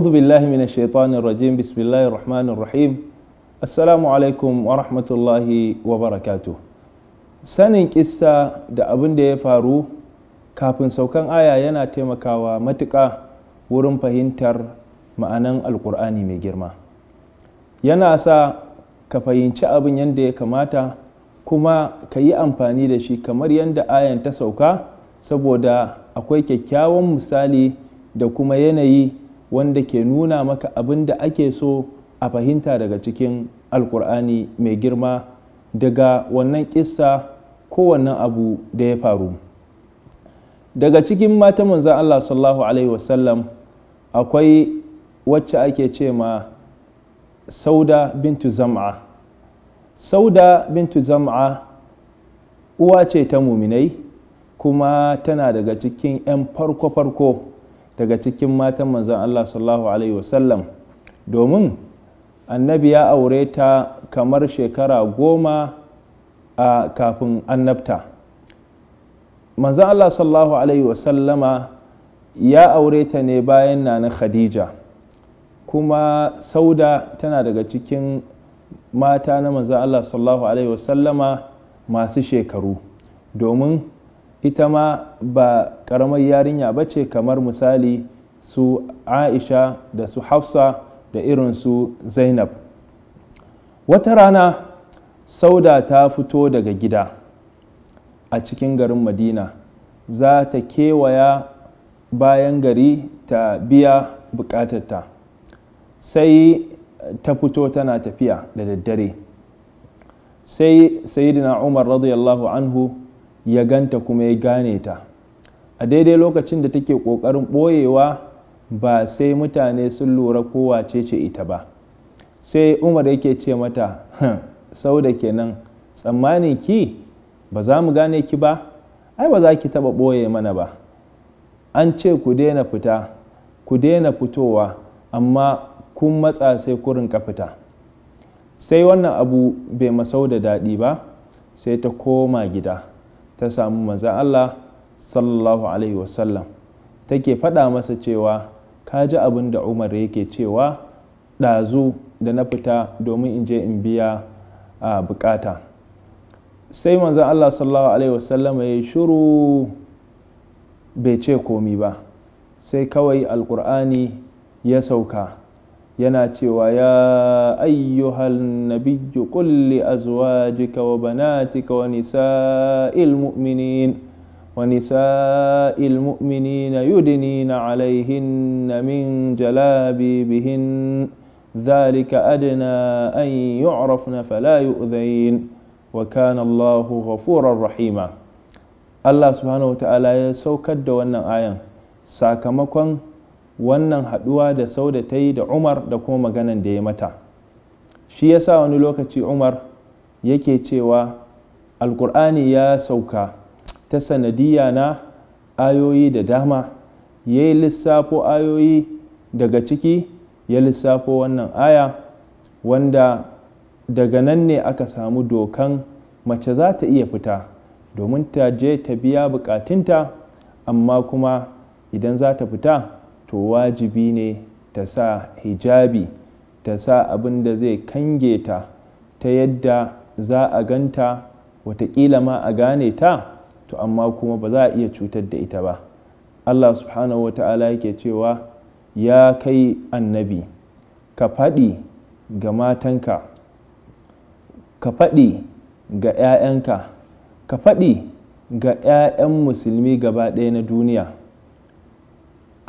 أعوذ بالله من الشيطان الرجيم بسم الله الرحمن الرحيم السلام عليكم ورحمة الله وبركاته sanin kissa da abin da ya faru kafin saukan aya yana taimakawa matuƙa wurin fahimtar ma'anan alƙur'ani mai girma yana sa ka fahimci abin yadda ya kamata kuma ka yi amfani da shi kamar yadda ayan ta sauka saboda akwai kyakkyawan misali da kuma yanayi wanda ke nuna maka abin da ake so a fahimta daga cikin alkur'ani mai girma daga wannan kissa ko wannan abu da ya faru daga cikin mata manzan allah sallallahu alaihi wasallam akwai wacce ake ce ma sauda bintu zam'a sauda bintu zam'a uwa ce ta muminai kuma tana daga cikin 'yan farko-farko daga cikin matan manzon Allah sallallahu alaihi wasallam domin annabi ya aure ta kamar shekara goma a kafin annabta manzon Allah sallallahu alaihi wasallama ya aure ta ne bayan nana khadija kuma sauda tana daga cikin mata na manzon Allah sallallahu alaihi wasallama masu shekaru domin ita ma ba karamar yarinya ba ce kamar misali su aisha da su hafsa da irin su zainab wata rana sauda ta fito daga gida a cikin garin madina za ta kewaya bayan gari ta biya bukatarta sai ta fito tana tafiya da daddare sai sayidina umar radiyallahu anhu ya ganta kuma ya gane ta a daidai lokacin da take ƙoƙarin ɓoyewa ba sai mutane sun lura kowa ce ce ita ba sai umar yake ce mata sau da kenan tsammanin ki ba za mu gane ki ba ai ba za ki taɓa ɓoye mana ba an ce ku daina fita ku daina fitowa amma kun matsa sai kurin ka fita sai wannan abu bai masau da daɗi ba sai ta koma gida ta samu manzan Allah sallallahu alaihi wasallam take faɗa masa cewa ka ji abin da umar yake cewa ɗazu da na fita domin in je in biya a bukata sai manzan Allah sallallahu alaihi wasallam ya yi shuru bai ce komi ba sai kawai alkur'ani ya sauka yana cewa ya ayyuhal nabiyyu kulli azwajika wa banatika wa nisa'il mu'minin wa nisa'il mu'minina yudnina alaihinna min jalabibihin ذلك أدنى أن يعرفن فلا يؤذين وكان الله غفورا رحيما الله سبحانه وتعالى يسوكد وانا آيان ساكمكم wannan haɗuwa da sau da ta yi da umar da kuma maganan da ya mata shi ya sa wani lokaci umar yake cewa alkur'ani ya sauka ta sanadiyya na ayoyi da dama ya yi lissafo ayoyi daga ciki ya lissafo wannan aya wanda daga nan ne aka samu dokan mace za ta iya fita domin ta je ta biya bukatunta amma kuma idan za ta fita to wajibi ne ta sa hijabi ta sa abin da zai kange ta ta yadda za a ganta watakila ma a gane ta to amma kuma ba za a iya cutar da ita ba allah subhanahu wata'ala yake cewa ya kai annabi ka faɗi ga matanka ka faɗi ga 'ya'yanka ka faɗi ga 'ya'yan musulmi gaba ɗaya na duniya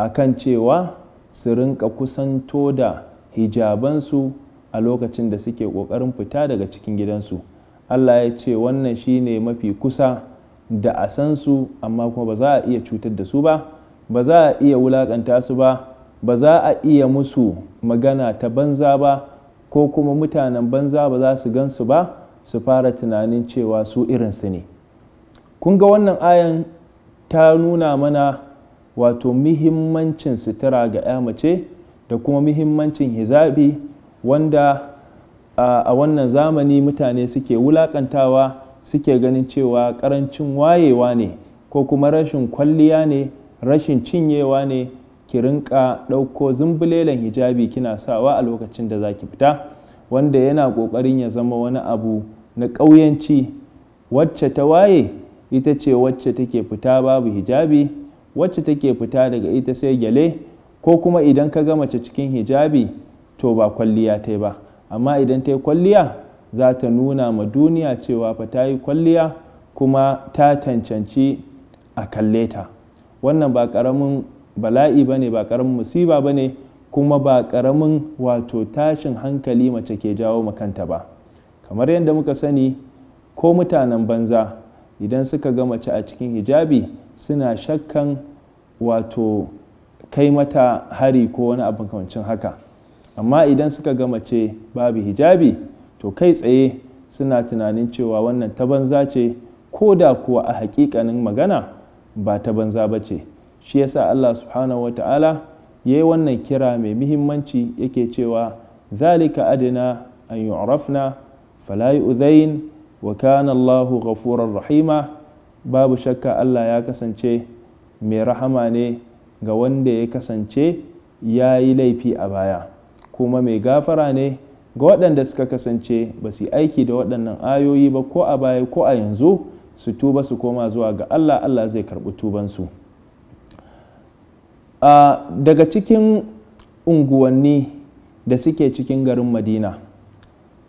akan cewa su rinka kusanto da hijabansu a lokacin da suke ƙoƙarin fita daga cikin gidansu Allah ya ce wannan shine mafi kusa da a san su amma kuma ba za a iya cutar da su ba ba za a iya wulaƙanta su ba ba za a iya musu magana ta banza ba ko kuma mutanen banza ba za su gan su ba su fara tunanin cewa su irinsu ne kun ga wannan ayan ta nuna mana wato muhimmancin sitira ga 'ya mace da kuma muhimmancin hijabi wanda a wannan zamani mutane suke wulakantawa suke ganin cewa ƙarancin wayewa ne ko kuma rashin kwalliya ne rashin cinyewa ne ki rinka ɗauko zumbulelen hijabi kina sawa a lokacin da za ki fita wanda yana ƙoƙarin ya zama wani abu na ƙauyanci wacce ta waye ita ce wacce take fita babu hijabi wacce take fita daga ita sai gyale ko kuma idan ka ga mace cikin hijabi to ba kwalliya ta ba amma idan ta yi kwalliya za ta nuna ma duniya cewa fa ta yi kwalliya kuma ta tancanci a kalle ta wannan ba karamin bala'i ba ne ba ƙaramin musiba ba ne kuma ba ƙaramin wato tashin hankali mace ke jawo makanta ba kamar yadda muka sani ko mutanen banza idan suka ga mace a cikin hijabi suna shakkan wato kai mata hari ko wani abin kamancin haka amma idan suka ga mace babu hijabi to kai tsaye suna tunanin cewa wannan ta banza ce ko da kuwa a hakikanin magana ba ta banza ba ce shi yasa allah subhanahu wata'ala ya yi wannan kira mai muhimmanci yake cewa zalika adina an yi fala yu'zain wa kana Allahu ghafurar rahima babu shakka Allah ya kasance mai rahama ne ga wanda ya kasance ya yi laifi a baya kuma mai gafara ne ga waɗanda suka kasance ba su aiki da waɗannan ayoyi ba ko a baya ko a yanzu su tuba su koma zuwa ga Allah Allah zai karɓi tubansu daga cikin unguwanni da suke cikin garin madina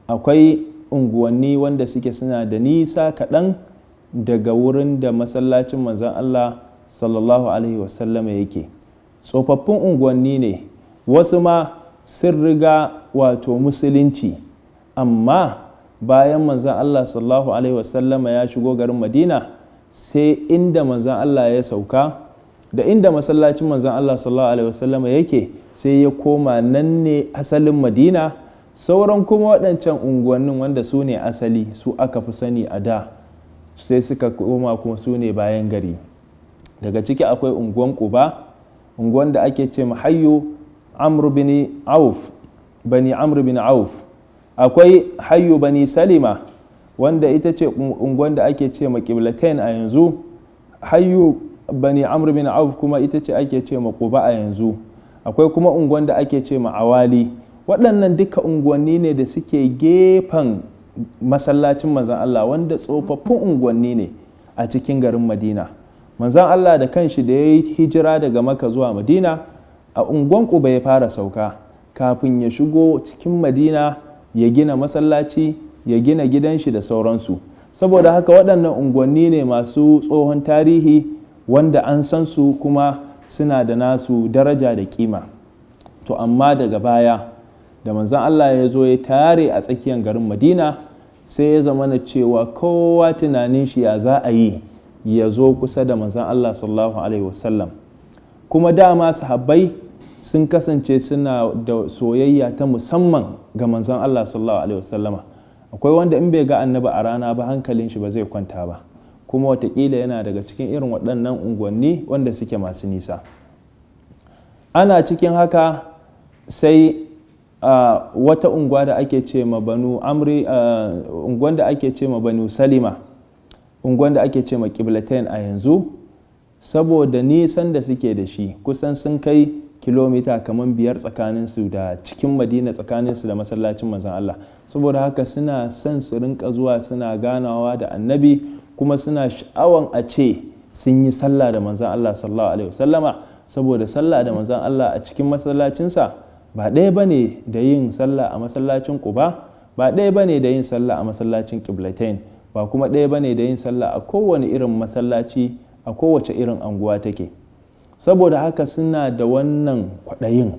akwai unguwanni wanda suke suna da nisa kaɗan daga wurin da masallacin manzan Allah sallallahu alaihi wasallama yake tsofaffin unguwanni ne wasu ma sun riga wato musulunci amma bayan manzan Allah sallallahu alaihi wasallama ya shigo garin madina sai inda manzan Allah ya sauka da inda masallacin manzan Allah sallallahu alaihi wasallama yake sai ya koma nan ne asalin madina sauran kuma waɗancan unguwannin wanda su ne asali su aka fi sani a da sai suka koma kuma su ne bayan gari daga ciki akwai unguwan kuba unguwan da ake ce mahayyo amru bini auf bani amru bin auf akwai hayyo bani salima wanda ita ce unguwan da ake ce makiblatain a yanzu hayyo bani amru bin auf kuma ita ce ake ce kuba a yanzu akwai kuma unguwan da ake ce ma awali waɗannan duka unguwanni ne da suke gefen masallacin manzan Allah wanda tsofaffin unguwanni ne a cikin garin madina manzan Allah da kanshi da ya yi hijira daga maka zuwa madina a unguwan ƙuba ya fara sauka kafin ya shigo cikin madina ya gina masallaci ya gina gidan shi da sauransu saboda haka waɗannan unguwanni ne masu tsohon tarihi wanda an san su kuma suna da nasu daraja da kima to amma daga baya da manzan Allah ya zo ya tare a tsakiyar garin madina sai ya zama na cewa kowa tunanin shi ya za a yi ya zo kusa da manzan Allah sallallahu alaihi wasallam kuma dama sahabbai sun kasance suna da soyayya ta musamman ga manzan Allah sallallahu alaihi wasallama akwai wanda in bai ga annabi a rana ba hankalin shi ba zai kwanta ba kuma watakila yana daga cikin irin waɗannan unguwanni wanda suke masu nisa ana cikin haka sai wata unguwa da ake ce ma banu salima unguwan da ake ce ma kiblatain a yanzu saboda nisan da suke da shi kusan sun kai kilomita kamar biyar tsakanin su da cikin madina tsakanin su da masallacin manzon Allah saboda haka suna son su rinka zuwa suna ganawa da annabi kuma suna sha'awan a ce sun yi sallah da manzon Allah sallallahu alaihi wasallama saboda sallah da manzon Allah a cikin masallacinsa ba ɗaya ba ne da yin sallah a masallacin ƙuba ba ɗaya ba ne da yin sallah a masallacin ƙiblatain ba kuma ɗaya ba ne da yin sallah a kowane irin masallaci a kowace irin anguwa take saboda haka suna da wannan kwaɗayin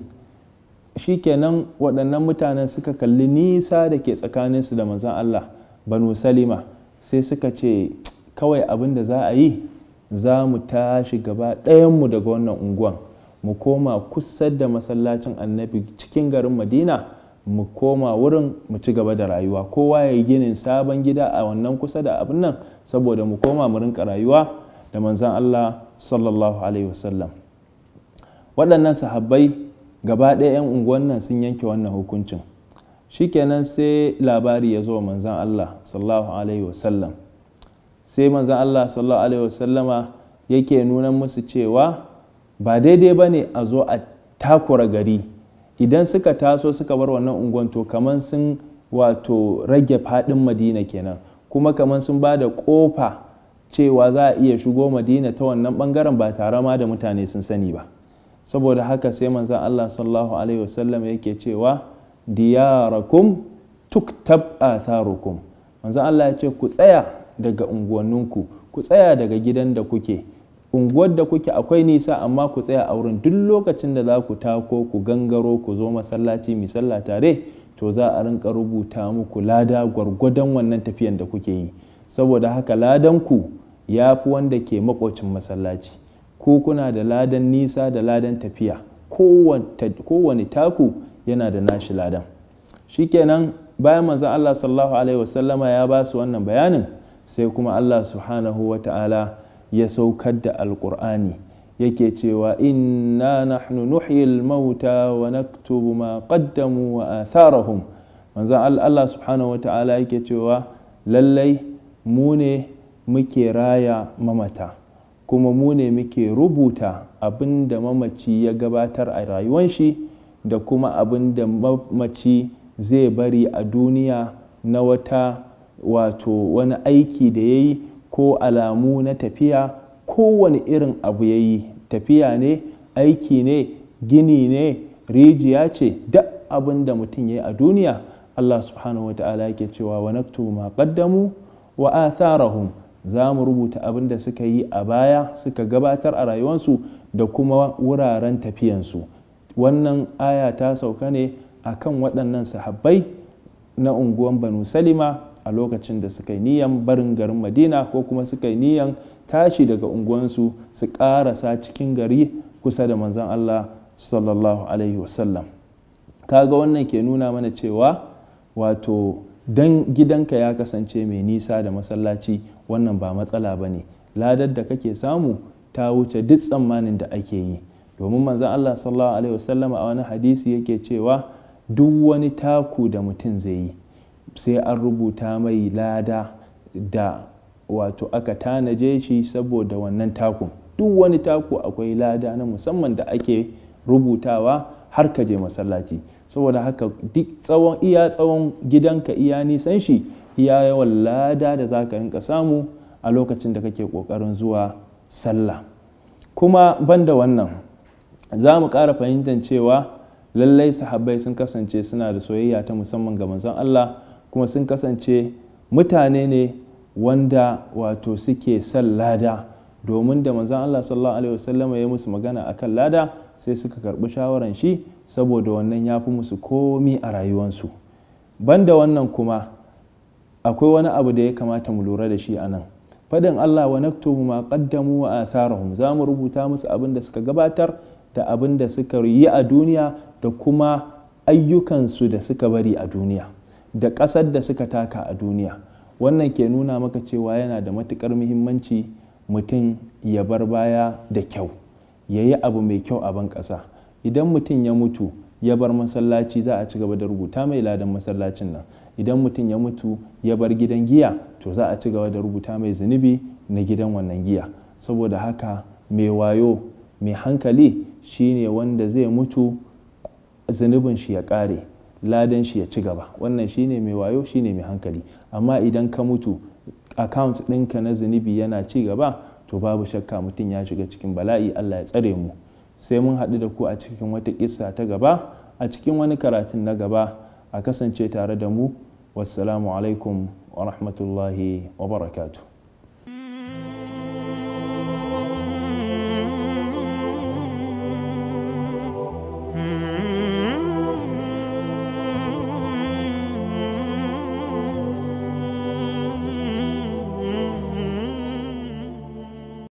shi kenan waɗannan mutanen suka kalli nisa da ke tsakaninsu da manzon Allah banu salima sai suka ce kawai abin da za a yi za mu tashi gaba ɗayanmu daga wannan unguwan mu koma kusa da masallacin annabi cikin garin madina mu koma wurin mu ci gaba da rayuwa kowa ya ginin sabon gida a wannan kusa da abin nan saboda mu koma mu rinka rayuwa da manzan allah sallallahu alaihi wasallam waɗannan sahabbai gaba ɗaya 'yan unguwan nan sun yanke wannan hukuncin shikenan sai labari ya zo manzan allah sallallahu alaihi wasallam sai manzan allah sallallahu alaihi wasallama yake nuna musu cewa ba daidai ba ne a zo a takura gari idan suka taso suka bar wannan unguwan to kamar sun wato rage fadin madina kenan kuma kamar sun ba da kofa cewa za a iya shigo madina ta wannan bangaren ba tare ma da mutane sun sani ba saboda haka sai manzan allah sallallahu alaihi wasallam yake cewa diyarakum tuktab atharukum manzan allah ya ce ku tsaya daga unguwanninku ku tsaya daga gidan da kuke unguwar da kuke akwai nisa amma ku tsaya a wurin duk lokacin da za ku tako ku gangaro ku zo masallaci mi sallah tare to za a rinka rubuta muku lada gwargwadon wannan tafiyan da kuke yi saboda haka ladan ku ya fi wanda ke makocin masallaci ko kuna da ladan nisa da ladan tafiya kowane taku yana da nashi ladan shikenan bayan manzon Allah sallallahu alaihi wasallama ya ba su wannan bayanin sai kuma Allah subhanahu wa ta'ala ya saukar da alƙur'ani yake cewa inna nahnu nuhyil mauta wa naktubu ma qaddamu wa atharahum manzon Allah subhanahu wa ta'ala yake cewa lallai mu ne muke raya mamata kuma mu ne muke rubuta abin da mamaci ya gabatar a rayuwan shi da kuma abin da mamaci zai bari a duniya na wata wato wani aiki da ya yi ko alamu na tafiya kowane irin abu ya yi tafiya ne aiki ne gini ne rijiya ce duk abin da mutum ya yi a duniya allah subhanahu wata'ala yake cewa wa naktubu ma qaddamu wa atharahum za mu rubuta abin da suka yi a baya suka gabatar a rayuwarsu da kuma wuraren tafiyansu wannan aya ta sauka ne akan waɗannan sahabbai na unguwan banu salima a lokacin da suka yi niyan barin garin madina ko kuma suka yi niyan tashi daga unguwansu su karasa cikin gari kusa da manzan allah sallallahu alaihi wasallam kaga wannan ke nuna mana cewa wato dan gidanka ya kasance mai nisa da masallaci wannan ba matsala ba ne ladar da kake samu ta wuce duk tsammanin da ake yi domin manzan allah sallallahu alaihi wasallam a wani hadisi yake cewa duk wani taku da mutum zai yi sai an rubuta mai lada da wato aka tanaje shi saboda wannan takun duk wani taku akwai lada na musamman da ake rubutawa har ka je masallaci saboda haka duk tsawon iya tsawon gidanka iya nisan shi iya yawan lada da za ka rinka samu a lokacin da kake kokarin zuwa sallah kuma banda wannan za mu ƙara fahimtar cewa lallai sahabbai sun kasance suna da soyayya ta musamman ga manzon Allah kuma sun kasance mutane ne wanda wato suke son lada domin da manzan Allah sallallahu alaihi wasallam ya musu magana a kan lada sai suka karɓi shawaran shi saboda wannan ya fi musu komi a rayuwansu banda wannan kuma akwai wani abu da ya kamata mu lura da shi a nan faɗin Allah wa naktubu ma qaddamu wa atharahum za mu rubuta musu abin da suka gabatar da abin da suka yi a duniya da kuma ayyukansu da suka bari a duniya da ƙasar da suka taka a duniya wannan ke nuna maka cewa yana da matuƙar muhimmanci mutum ya bar baya da kyau ya yi abu mai kyau a ban ƙasa idan mutum ya mutu ya bar masallaci za a ci gaba da rubuta mai ladan masallacin nan idan mutum ya mutu ya bar gidan giya to za a ci gaba da rubuta mai zunubi na gidan wannan giya saboda haka mai wayo mai hankali shine wanda zai mutu zunubin shi ya ƙare ladan shi ya ci gaba wannan shine mai wayo shine mai hankali amma idan ka mutu account ɗinka na zunubi yana ci gaba to babu shakka mutum ya shiga cikin bala'i Allah ya tsare mu sai mun haɗu da ku a cikin wata kisa ta gaba a cikin wani karatun na gaba a kasance tare da mu wassalamu alaikum wa rahmatullahi wa barakatuh